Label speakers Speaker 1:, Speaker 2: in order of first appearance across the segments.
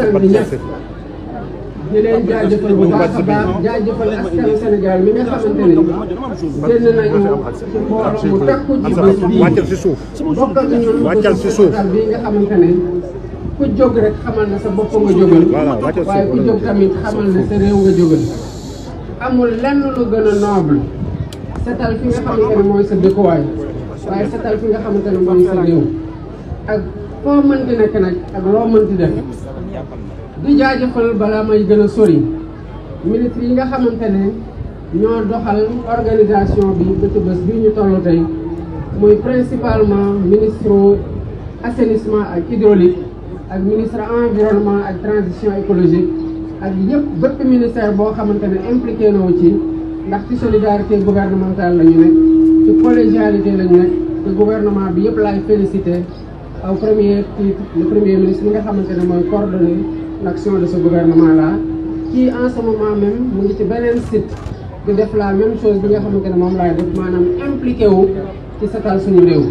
Speaker 1: teewlu ñëpp
Speaker 2: di leen jaajëfal bu baax a baax jaajëfal askanu Sénégal mi nga xamante ne nii génn nañu ci mbooloo mu takku ci bés bii wàccal si suuf bokk ak ñun wàccal si suuf bii nga xamante ne ku jóg rek xamal na sa bopp nga jógal waaye ku jóg tamit xamal na sa réew nga jógal amul lenn lu gën a noble setal fi nga xamante ne mooy sa dëkkuwaay waaye setal fi nga xamante ne mooy sa réew ak foo mënti nekk nag ak loo mënti def di jaajëfal balaa may gën a sori ministre yi nga xamante ne ñoo doxal organisation bi bëtu bés bi ñu toll tey muy principalement ministre assainissement ak hydraulique ak ministre environnement ak transition écologique ak yëpp bépp ministère boo xamante ne impliqué na ci ndax ci solidarité gouvernementale la ñu nekk ci collégialité la ñu nekk te gouvernement bi yëpp laay félicité en premier titre le premier ministre mi nga xamante ne mooy coordonner l'action de ce gouvernement là qui en ce moment même mu ngi ci beneen site di def laa même chose bi nga xamante ne moom laay def maanaam impliqué wu ci setal suñu réew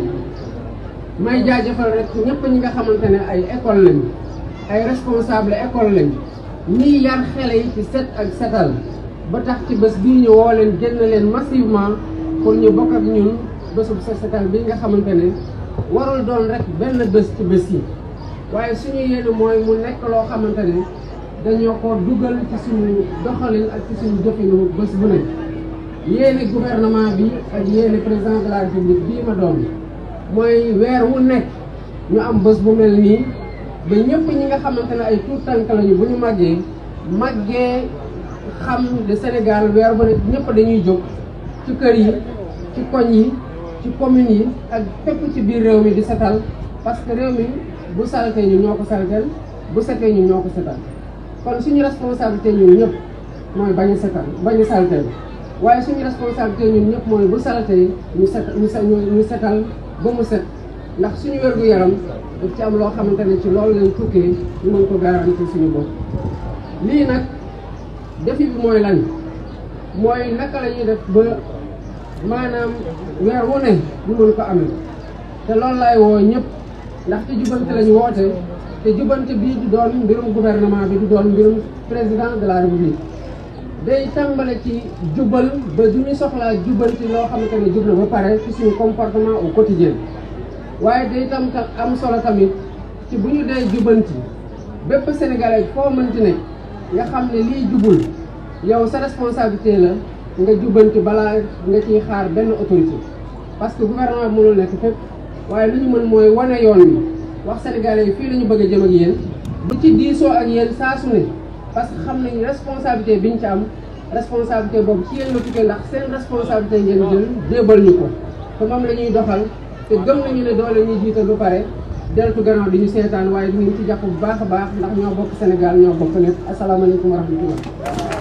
Speaker 2: may jaajëfal rek ñëpp ñi nga xamante ne ay école lañ ay responsable école lañ ñiy yar xele yi ci set ak setal ba tax ci bés bii ñu woo leen génn leen massivement pour ñu bokk ak ñun bésu sa setal bii nga xamante ne warul doon rek benn bés ci bés yi waaye suñu yéene mooy mu nekk loo xamante ne dañoo ko dugal ci suñu doxalin ak ci suñu jëfinu bés bu ne yéene gouvernement bi ak yéene président de la république bii ma doon mooy weer wu nekk ñu am bés bu mel nii ba ñëpp ñi nga xamante ne ay tuut tànk lañu bu ñu màggee màggee xam de Sénégal weer ba nekk ñëpp dañuy jóg ci kër yi ci koñ yi ci communes yi ak fépp ci biir réew mi di setal parce que réew mi bu saltee ñu ñoo ko salteel bu setee ñu ñoo ko setal kon suñu responsabilité ñun ñëpp mooy bañ a setal bañ a waaye suñu responsabilité ñun ñëpp mooy bu saltee ñu set ñu setal ba mu set ndax suñu wér-gu-yaram daf ci am loo xamante ne ci loolu lañ tukkee ñu mën ko garanti suñu bopp lii nag défi bi mooy lan mooy naka la def ba maanaam weer wu ne ñu mën ko amee te loolu lay woo ñëpp ndax te jubante lañu woote te jubante bii du doon mbirum gouvernement bi du doon mbirum président de la république day tàmbale ci jubal ba du ñu soxlaa jubanti loo xamante ne jub ba pare ci suñu comportement au quotidien waaye day tam am solo tamit ci bu ñu dee jubanti bépp sénégalais foo mënti ne nga xam ne lii jubul yow sa responsabilité la nga jubbanti balaa nga ciy xaar benn autorité parce que gouvernement bi mënul nekk fépp waaye lu ñu mën mooy wane yoon bi wax sénégalais yi fii lañu bëgg a jëm ak yéen bu ci diisoo ak yéen saa su ne parce que xam nañ responsabilité ñu ci am responsabilité boobu ci yéen tukkee ndax seen responsabilité ngeen jël débal ñu ko te moom la ñuy doxal te gëm nañu ne doole ñuy jiital ba pare deltu gannaaw bi ñu seetaan waaye dinañ ci jàpp bu baax a baax ndax ñoo bokk Sénégal ñoo bokk lépp asalaamaaleykum wa rahmatullah